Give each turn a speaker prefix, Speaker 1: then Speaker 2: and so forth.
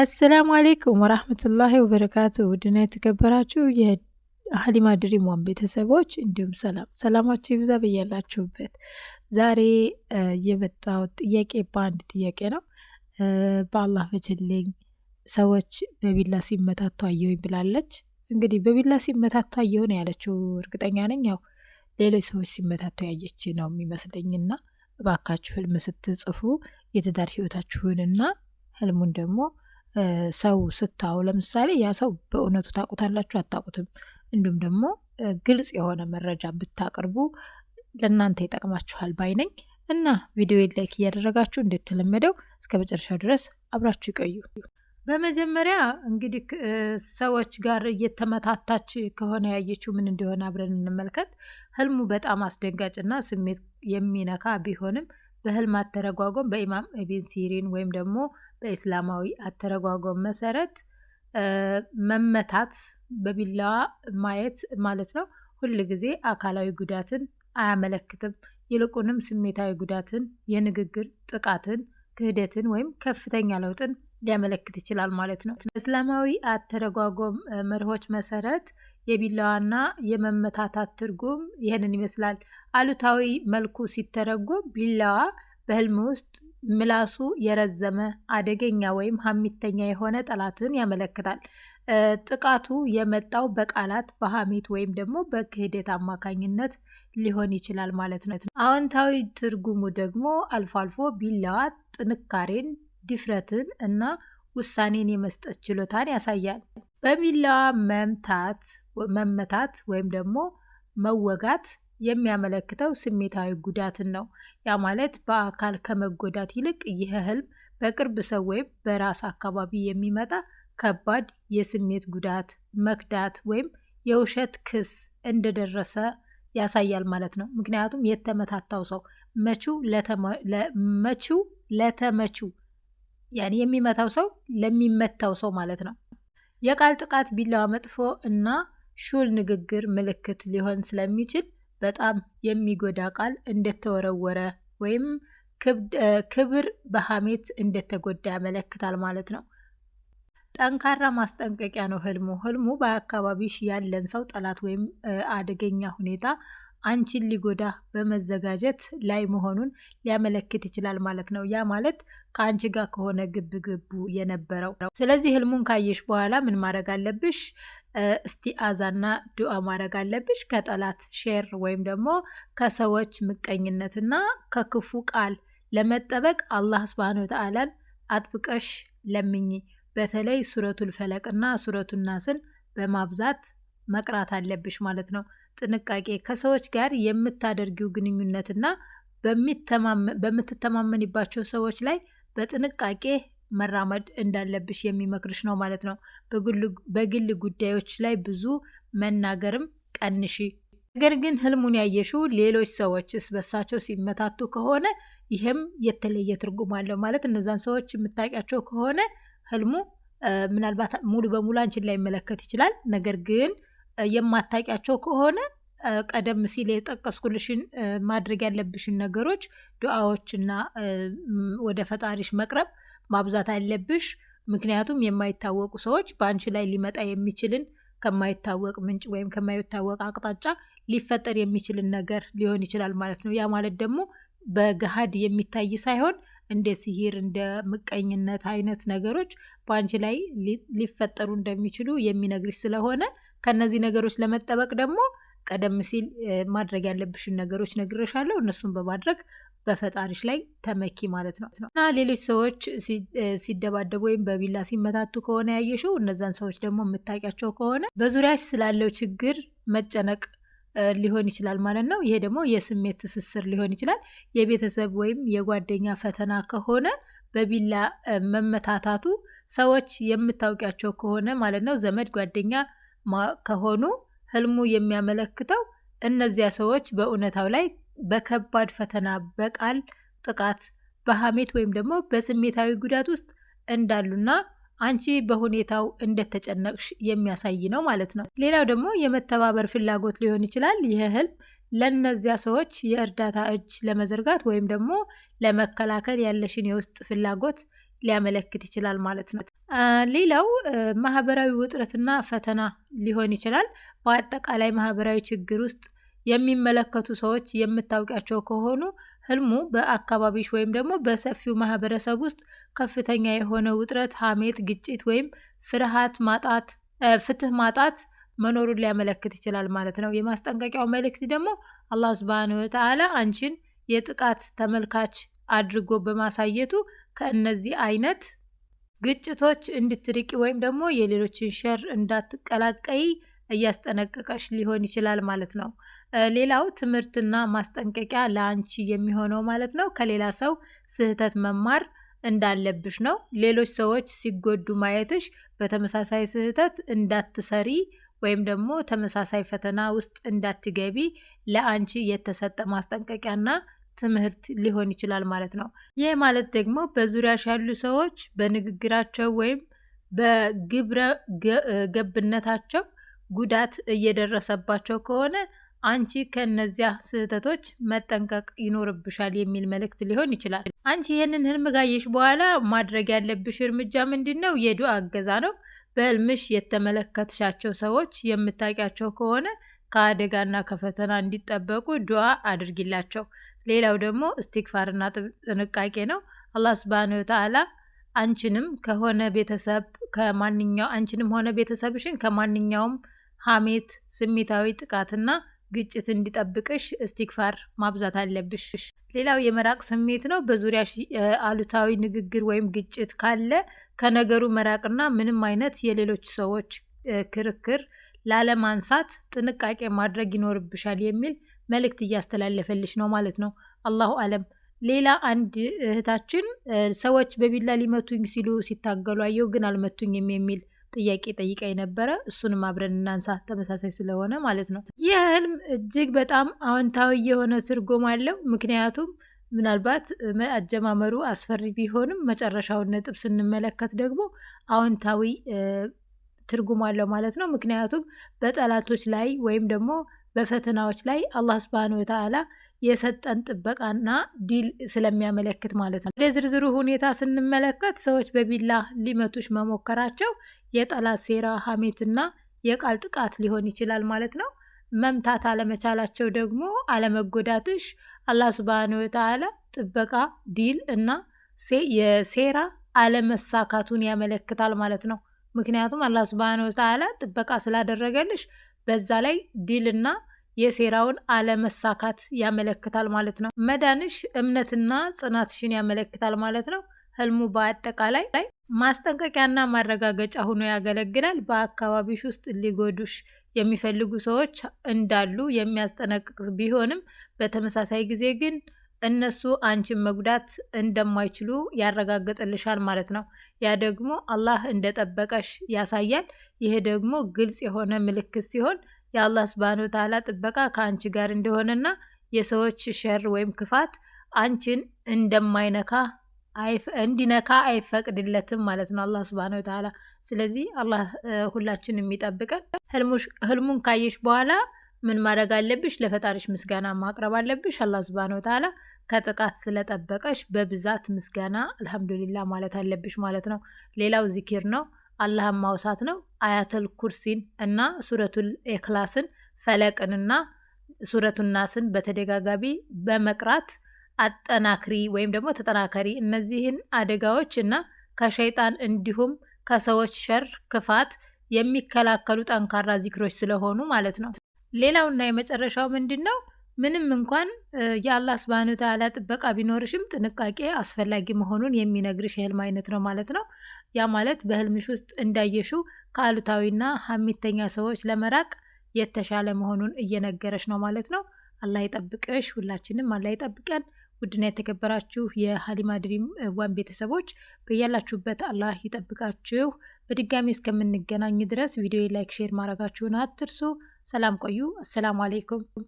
Speaker 1: አሰላሙ አሌይኩም ወራህመቱላሂ ወበረካቱ። ውድና የተከበራችሁ የሀሊማ ድሪሟን ቤተሰቦች እንዲሁም ሰላም ሰላማችሁ ይብዛ በያላችሁበት። ዛሬ የመጣሁት ጥያቄ በአንድ ጥያቄ ነው። በአላህ ፍችልኝ ሰዎች በቢላ ሲመታቱ አየሁኝ ብላለች። እንግዲህ በቢላ ሲመታቱ አየሁ ነው ያለችው። እርግጠኛ ነኝ ያው ሌሎች ሰዎች ሲመታቱ ያየች ነው የሚመስለኝና እባካችሁ ህልም ስትጽፉ የትዳር ህይወታችሁንና ህልሙን ደግሞ ሰው ስታው ለምሳሌ ያ ሰው በእውነቱ ታውቁታላችሁ አታውቁትም፣ እንዲሁም ደግሞ ግልጽ የሆነ መረጃ ብታቀርቡ ለእናንተ ይጠቅማችኋል ባይ ነኝ እና ቪዲዮ ላይክ እያደረጋችሁ እንደተለመደው እስከ መጨረሻው ድረስ አብራችሁ ይቆዩ። በመጀመሪያ እንግዲህ ሰዎች ጋር እየተመታታች ከሆነ ያየችው ምን እንደሆነ አብረን እንመልከት። ህልሙ በጣም አስደንጋጭና ስሜት የሚነካ ቢሆንም በህልም አተረጓጎም በኢማም ኢብን ሲሪን ወይም ደግሞ በእስላማዊ አተረጓጎም መሰረት መመታት በቢላዋ ማየት ማለት ነው ሁል ጊዜ አካላዊ ጉዳትን አያመለክትም። ይልቁንም ስሜታዊ ጉዳትን፣ የንግግር ጥቃትን፣ ክህደትን ወይም ከፍተኛ ለውጥን ሊያመለክት ይችላል ማለት ነው። በእስላማዊ አተረጓጎም መርሆች መሰረት የቢላዋና የመመታታት ትርጉም ይህንን ይመስላል። አሉታዊ መልኩ ሲተረጎም ቢላዋ በህልም ውስጥ ምላሱ የረዘመ አደገኛ ወይም ሀሚተኛ የሆነ ጠላትን ያመለክታል። ጥቃቱ የመጣው በቃላት በሀሜት ወይም ደግሞ በክህደት አማካኝነት ሊሆን ይችላል ማለት ነው። አዎንታዊ ትርጉሙ ደግሞ አልፎ አልፎ ቢላዋ ጥንካሬን፣ ድፍረትን እና ውሳኔን የመስጠት ችሎታን ያሳያል። በቢላዋ መምታት መመታት ወይም ደግሞ መወጋት የሚያመለክተው ስሜታዊ ጉዳትን ነው። ያ ማለት በአካል ከመጎዳት ይልቅ ይህ ህልም በቅርብ ሰው ወይም በራስ አካባቢ የሚመጣ ከባድ የስሜት ጉዳት፣ መክዳት ወይም የውሸት ክስ እንደደረሰ ያሳያል ማለት ነው። ምክንያቱም የተመታታው ሰው መቺው ለተመቹ ያኔ የሚመታው ሰው ለሚመታው ሰው ማለት ነው። የቃል ጥቃት ቢላዋ መጥፎ እና ሹል ንግግር ምልክት ሊሆን ስለሚችል በጣም የሚጎዳ ቃል እንደተወረወረ ወይም ክብር በሐሜት እንደተጎዳ ያመለክታል ማለት ነው። ጠንካራ ማስጠንቀቂያ ነው ህልሙ። ህልሙ በአካባቢሽ ያለን ሰው ጠላት ወይም አደገኛ ሁኔታ አንቺን ሊጎዳ በመዘጋጀት ላይ መሆኑን ሊያመለክት ይችላል ማለት ነው። ያ ማለት ከአንቺ ጋር ከሆነ ግብ ግቡ የነበረው። ስለዚህ ህልሙን ካየሽ በኋላ ምን ማድረግ አለብሽ? እስቲአዛና ዱዓ ማድረግ አለብሽ ከጠላት ሼር ወይም ደግሞ ከሰዎች ምቀኝነትና ከክፉ ቃል ለመጠበቅ አላህ ስብሃነ ወተዓላን አጥብቀሽ ለምኝ። በተለይ ሱረቱል ፈለቅና ሱረቱን ናስን በማብዛት መቅራት አለብሽ ማለት ነው። ጥንቃቄ ከሰዎች ጋር የምታደርጊው ግንኙነትና በምትተማመንባቸው ሰዎች ላይ በጥንቃቄ መራመድ እንዳለብሽ የሚመክርሽ ነው ማለት ነው። በግል ጉዳዮች ላይ ብዙ መናገርም ቀንሺ። ነገር ግን ህልሙን ያየሽው ሌሎች ሰዎችስ በሳቸው ሲመታቱ ከሆነ ይህም የተለየ ትርጉም አለው ማለት እነዛን ሰዎች የምታውቂያቸው ከሆነ ህልሙ ምናልባት ሙሉ በሙሉ አንቺን ላይ መለከት ይችላል። ነገር ግን የማታውቂያቸው ከሆነ ቀደም ሲል የጠቀስኩልሽን ማድረግ ያለብሽን ነገሮች ዱዓዎችና ወደ ፈጣሪሽ መቅረብ ማብዛት አለብሽ። ምክንያቱም የማይታወቁ ሰዎች በአንቺ ላይ ሊመጣ የሚችልን ከማይታወቅ ምንጭ ወይም ከማይታወቅ አቅጣጫ ሊፈጠር የሚችልን ነገር ሊሆን ይችላል ማለት ነው። ያ ማለት ደግሞ በገሃድ የሚታይ ሳይሆን እንደ ሲሂር፣ እንደ ምቀኝነት አይነት ነገሮች በአንቺ ላይ ሊፈጠሩ እንደሚችሉ የሚነግርሽ ስለሆነ ከእነዚህ ነገሮች ለመጠበቅ ደግሞ ቀደም ሲል ማድረግ ያለብሽን ነገሮች ነግረሻለሁ። እነሱን በማድረግ በፈጣሪሽ ላይ ተመኪ ማለት ነው እና ሌሎች ሰዎች ሲደባደቡ ወይም በቢላ ሲመታቱ ከሆነ ያየሽው እነዛን ሰዎች ደግሞ የምታውቂያቸው ከሆነ በዙሪያሽ ስላለው ችግር መጨነቅ ሊሆን ይችላል ማለት ነው። ይሄ ደግሞ የስሜት ትስስር ሊሆን ይችላል። የቤተሰብ ወይም የጓደኛ ፈተና ከሆነ በቢላ መመታታቱ ሰዎች የምታውቂያቸው ከሆነ ማለት ነው ዘመድ ጓደኛ ከሆኑ ህልሙ የሚያመለክተው እነዚያ ሰዎች በእውነታው ላይ በከባድ ፈተና፣ በቃል ጥቃት፣ በሐሜት ወይም ደግሞ በስሜታዊ ጉዳት ውስጥ እንዳሉና አንቺ በሁኔታው እንደተጨነቅሽ የሚያሳይ ነው ማለት ነው። ሌላው ደግሞ የመተባበር ፍላጎት ሊሆን ይችላል። ይህ ህልም ለእነዚያ ሰዎች የእርዳታ እጅ ለመዘርጋት ወይም ደግሞ ለመከላከል ያለሽን የውስጥ ፍላጎት ሊያመለክት ይችላል ማለት ነው። ሌላው ማህበራዊ ውጥረትና ፈተና ሊሆን ይችላል። በአጠቃላይ ማህበራዊ ችግር ውስጥ የሚመለከቱ ሰዎች የምታውቂያቸው ከሆኑ ህልሙ በአካባቢሽ ወይም ደግሞ በሰፊው ማህበረሰብ ውስጥ ከፍተኛ የሆነ ውጥረት፣ ሐሜት፣ ግጭት ወይም ፍርሃት ማጣት ፍትህ ማጣት መኖሩን ሊያመለክት ይችላል ማለት ነው። የማስጠንቀቂያው መልእክት ደግሞ አላህ ሱብሃነ ወተዓላ አንቺን የጥቃት ተመልካች አድርጎ በማሳየቱ ከእነዚህ አይነት ግጭቶች እንድትርቂ ወይም ደግሞ የሌሎችን ሸር እንዳትቀላቀይ እያስጠነቀቀሽ ሊሆን ይችላል ማለት ነው። ሌላው ትምህርትና ማስጠንቀቂያ ለአንቺ የሚሆነው ማለት ነው ከሌላ ሰው ስህተት መማር እንዳለብሽ ነው። ሌሎች ሰዎች ሲጎዱ ማየትሽ በተመሳሳይ ስህተት እንዳትሰሪ ወይም ደግሞ ተመሳሳይ ፈተና ውስጥ እንዳትገቢ ለአንቺ የተሰጠ ማስጠንቀቂያና ትምህርት ሊሆን ይችላል ማለት ነው። ይህ ማለት ደግሞ በዙሪያሽ ያሉ ሰዎች በንግግራቸው ወይም በግብረ ገብነታቸው ጉዳት እየደረሰባቸው ከሆነ አንቺ ከእነዚያ ስህተቶች መጠንቀቅ ይኖርብሻል የሚል መልእክት ሊሆን ይችላል። አንቺ ይህንን ህልም ካየሽ በኋላ ማድረግ ያለብሽ እርምጃ ምንድን ነው? የዱዓ እገዛ ነው። በህልምሽ የተመለከትሻቸው ሰዎች የምታውቂያቸው ከሆነ ከአደጋና ከፈተና እንዲጠበቁ ዱዓ አድርጊላቸው። ሌላው ደግሞ እስቲክፋርና ጥንቃቄ ነው። አላህ ስብሃነ ወተዓላ አንቺንም ከሆነ ቤተሰብ ከማንኛው አንቺንም ሆነ ቤተሰብሽን ከማንኛውም ሐሜት፣ ስሜታዊ ጥቃትና ግጭት እንዲጠብቅሽ እስቲክፋር ማብዛት አለብሽ። ሌላው የመራቅ ስሜት ነው። በዙሪያ አሉታዊ ንግግር ወይም ግጭት ካለ ከነገሩ መራቅና ምንም አይነት የሌሎች ሰዎች ክርክር ላለማንሳት ጥንቃቄ ማድረግ ይኖርብሻል የሚል መልእክት እያስተላለፈልሽ ነው ማለት ነው። አላሁ አለም። ሌላ አንድ እህታችን ሰዎች በቢላ ሊመቱኝ ሲሉ ሲታገሉ አየሁ፣ ግን አልመቱኝም የሚል ጥያቄ ጠይቃ የነበረ እሱንም አብረን እናንሳ፣ ተመሳሳይ ስለሆነ ማለት ነው። ይህ ህልም እጅግ በጣም አዎንታዊ የሆነ ትርጉም አለው። ምክንያቱም ምናልባት አጀማመሩ አስፈሪ ቢሆንም መጨረሻውን ነጥብ ስንመለከት ደግሞ አዎንታዊ ትርጉም አለው ማለት ነው። ምክንያቱም በጠላቶች ላይ ወይም ደግሞ በፈተናዎች ላይ አላህ ስብሃነ ወተዓላ የሰጠን ጥበቃና ዲል ስለሚያመለክት ማለት ነው። ወደ ዝርዝሩ ሁኔታ ስንመለከት ሰዎች በቢላ ሊመቱሽ መሞከራቸው የጠላት ሴራ፣ ሀሜትና የቃል ጥቃት ሊሆን ይችላል ማለት ነው። መምታት አለመቻላቸው ደግሞ አለመጎዳትሽ፣ አላህ ሱብሃነ ወተዓላ ጥበቃ፣ ዲል እና የሴራ አለመሳካቱን ያመለክታል ማለት ነው። ምክንያቱም አላህ ሱብሃነ ወተዓላ ጥበቃ ስላደረገልሽ በዛ ላይ እና የሴራውን አለመሳካት ያመለክታል ማለት ነው። መዳንሽ እምነትና ጽናትሽን ያመለክታል ማለት ነው። ህልሙ በአጠቃላይ ላይ ማስጠንቀቂያና ማረጋገጫ ሆኖ ያገለግላል። በአካባቢሽ ውስጥ ሊጎዱሽ የሚፈልጉ ሰዎች እንዳሉ የሚያስጠነቅቅ ቢሆንም በተመሳሳይ ጊዜ ግን እነሱ አንቺን መጉዳት እንደማይችሉ ያረጋግጥልሻል ማለት ነው። ያ ደግሞ አላህ እንደጠበቀሽ ያሳያል። ይህ ደግሞ ግልጽ የሆነ ምልክት ሲሆን የአላህ ስብሃነ ወተዓላ ጥበቃ ከአንቺ ጋር እንደሆነና የሰዎች ሸር ወይም ክፋት አንቺን እንደማይነካ እንዲነካ አይፈቅድለትም ማለት ነው አላህ ስብሃነ ወተዓላ። ስለዚህ አላህ ሁላችን የሚጠብቀን። ህልሙን ካየሽ በኋላ ምን ማድረግ አለብሽ? ለፈጣሪሽ ምስጋና ማቅረብ አለብሽ። አላህ ስብሃነ ወተዓላ ከጥቃት ስለጠበቀሽ በብዛት ምስጋና አልሐምዱሊላ ማለት አለብሽ ማለት ነው። ሌላው ዚኪር ነው። አላህን ማውሳት ነው። አያተል ኩርሲን እና ሱረቱል ኤክላስን ፈለቅንና ሱረቱን ናስን በተደጋጋሚ በመቅራት አጠናክሪ ወይም ደግሞ ተጠናከሪ። እነዚህን አደጋዎች እና ከሸይጣን እንዲሁም ከሰዎች ሸር ክፋት የሚከላከሉ ጠንካራ ዚክሮች ስለሆኑ ማለት ነው። ሌላውና የመጨረሻው ምንድን ነው? ምንም እንኳን የአላህ ስብሃነ ጥበቃ ቢኖርሽም ጥንቃቄ አስፈላጊ መሆኑን የሚነግርሽ የህልም አይነት ነው ማለት ነው። ያ ማለት በህልምሽ ውስጥ እንዳየሽው ከአሉታዊና ሀሜተኛ ሰዎች ለመራቅ የተሻለ መሆኑን እየነገረች ነው ማለት ነው። አላህ ይጠብቅሽ፣ ሁላችንም አላህ ይጠብቀን። ውድና የተከበራችሁ የሀሊማ ድሪም ዋን ቤተሰቦች በያላችሁበት አላህ ይጠብቃችሁ። በድጋሚ እስከምንገናኝ ድረስ ቪዲዮ ላይክ፣ ሼር ማድረጋችሁን አትርሱ። ሰላም ቆዩ። አሰላሙ አሌይኩም